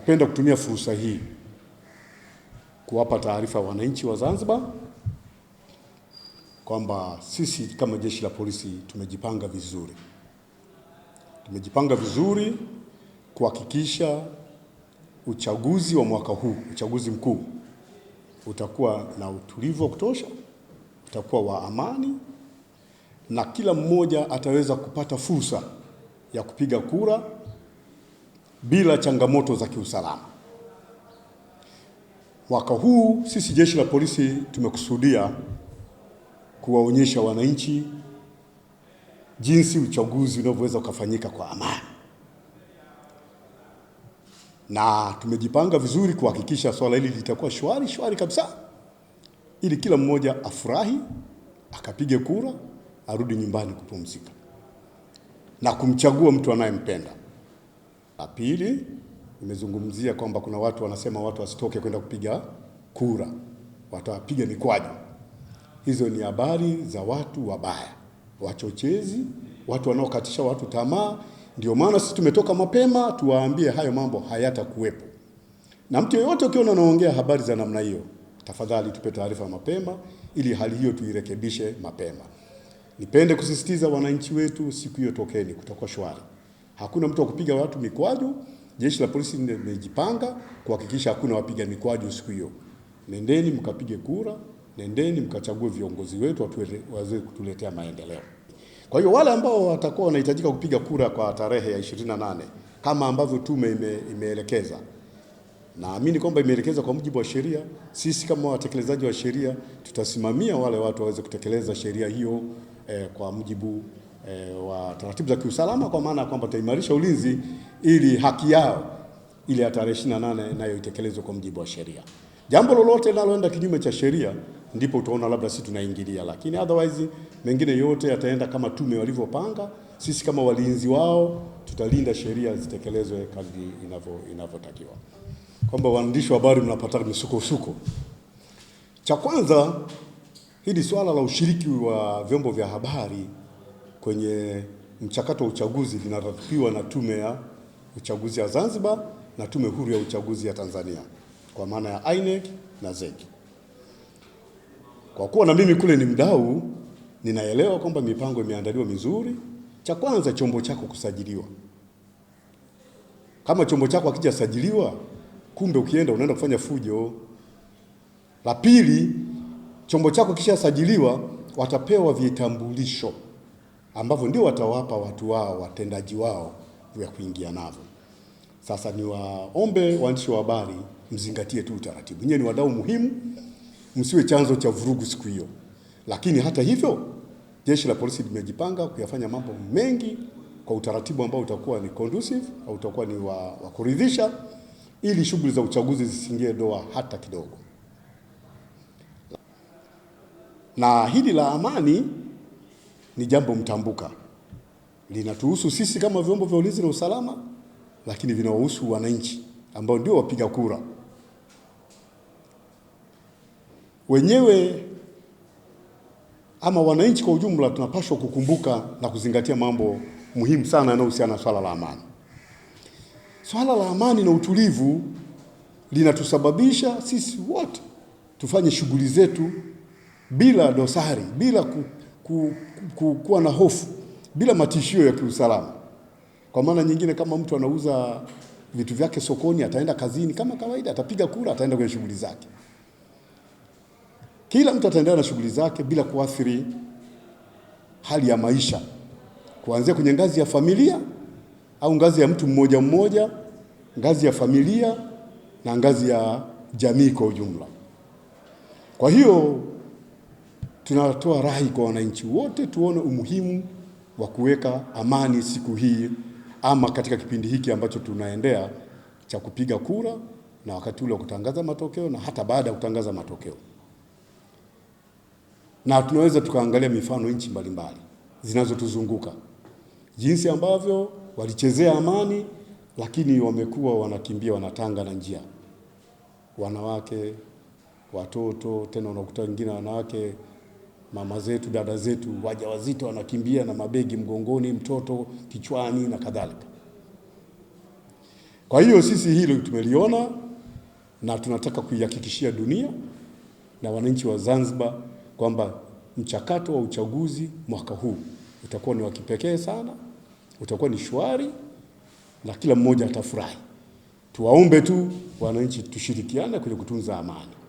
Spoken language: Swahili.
Napenda kutumia fursa hii kuwapa taarifa wananchi wa Zanzibar kwamba sisi kama jeshi la polisi tumejipanga vizuri, tumejipanga vizuri kuhakikisha uchaguzi wa mwaka huu, uchaguzi mkuu utakuwa na utulivu wa kutosha, utakuwa wa amani na kila mmoja ataweza kupata fursa ya kupiga kura bila changamoto za kiusalama. Mwaka huu sisi jeshi la polisi tumekusudia kuwaonyesha wananchi jinsi uchaguzi unavyoweza ukafanyika kwa amani, na tumejipanga vizuri kuhakikisha swala hili litakuwa shwari shwari kabisa, ili kila mmoja afurahi, akapige kura, arudi nyumbani kupumzika na kumchagua mtu anayempenda. La pili, nimezungumzia kwamba kuna watu wanasema watu wasitoke kwenda kupiga kura, watawapiga mikwaju. Hizo ni habari za watu wabaya, wachochezi, watu wanaokatisha watu tamaa. Ndio maana sisi tumetoka mapema tuwaambie hayo mambo hayatakuwepo, na mtu yeyote ukiona anaongea habari za namna hiyo, tafadhali tupe taarifa mapema, ili hali hiyo tuirekebishe mapema. Nipende kusisitiza wananchi wetu, siku hiyo tokeni, kutakuwa shwari hakuna mtu wa kupiga watu mikwaju. Jeshi la polisi limejipanga kuhakikisha hakuna wapiga mikwaju siku hiyo. Nendeni mkapige kura, nendeni mkachague viongozi wetu waweze kutuletea maendeleo. Kwa hiyo wale ambao watakuwa wanahitajika kupiga kura kwa tarehe ya 28 kama ambavyo tume ime, imeelekeza naamini kwamba imeelekeza kwa mujibu wa sheria. Sisi kama watekelezaji wa sheria tutasimamia wale watu waweze kutekeleza sheria hiyo eh, kwa mujibu e, wa taratibu za kiusalama kwa maana ya kwamba tutaimarisha ulinzi ili haki yao ile ya tarehe 28 nayo itekelezwe kwa mujibu wa sheria. Jambo lolote linaloenda kinyume cha sheria ndipo utaona labda sisi tunaingilia, lakini otherwise mengine yote yataenda kama tume walivyopanga. Sisi kama walinzi wao tutalinda sheria zitekelezwe kadri inavyotakiwa. Kwamba waandishi wa habari mnapata misukosuko, cha kwanza hili swala la ushiriki wa vyombo vya habari kwenye mchakato wa uchaguzi linaratibiwa na Tume ya Uchaguzi ya Zanzibar na Tume Huru ya Uchaguzi ya Tanzania kwa maana ya INEC na ZEC. Kwa kuwa na mimi kule ni mdau, ninaelewa kwamba mipango imeandaliwa mizuri. Cha kwanza chombo chako kusajiliwa. Kama chombo chako hakijasajiliwa, kumbe ukienda unaenda kufanya fujo. La pili, chombo chako kishasajiliwa, watapewa vitambulisho ambavyo ndio watawapa watu wao watendaji wao vya kuingia navyo. Sasa ni waombe waandishi wa habari mzingatie tu utaratibu. Nyinyi ni wadau muhimu, msiwe chanzo cha vurugu siku hiyo. Lakini hata hivyo, jeshi la polisi limejipanga kuyafanya mambo mengi kwa utaratibu ambao utakuwa ni conducive au utakuwa ni wa, wa kuridhisha ili shughuli za uchaguzi zisingie doa hata kidogo. Na hili la amani ni jambo mtambuka, linatuhusu sisi kama vyombo vya ulinzi na usalama, lakini vinawahusu wananchi ambao ndio wapiga kura wenyewe ama wananchi kwa ujumla. Tunapaswa kukumbuka na kuzingatia mambo muhimu sana yanayohusiana na swala la amani. Swala la amani na utulivu linatusababisha sisi wote tufanye shughuli zetu bila dosari, bila ku, ku, kuwa na hofu bila matishio ya kiusalama. Kwa maana nyingine, kama mtu anauza vitu vyake sokoni, ataenda kazini kama kawaida, atapiga kura, ataenda kwenye shughuli zake. Kila mtu ataendelea na shughuli zake bila kuathiri hali ya maisha, kuanzia kwenye ngazi ya familia au ngazi ya mtu mmoja mmoja, ngazi ya familia na ngazi ya jamii kwa ujumla. Kwa hiyo tunatoa rai kwa wananchi wote tuone umuhimu wa kuweka amani siku hii ama katika kipindi hiki ambacho tunaendea cha kupiga kura na wakati ule wa kutangaza matokeo na hata baada ya kutangaza matokeo. Na tunaweza tukaangalia mifano nchi mbalimbali zinazotuzunguka jinsi ambavyo walichezea amani, lakini wamekuwa wanakimbia wanatanga na njia, wanawake, watoto, tena unakuta wengine wanawake mama zetu, dada zetu wajawazito wanakimbia na mabegi mgongoni, mtoto kichwani na kadhalika. Kwa hiyo sisi hilo tumeliona na tunataka kuihakikishia dunia na wananchi wa Zanzibar kwamba mchakato wa uchaguzi mwaka huu utakuwa ni wa kipekee sana, utakuwa ni shwari na kila mmoja atafurahi. Tuwaombe tu wananchi tushirikiane kwenye kutunza amani.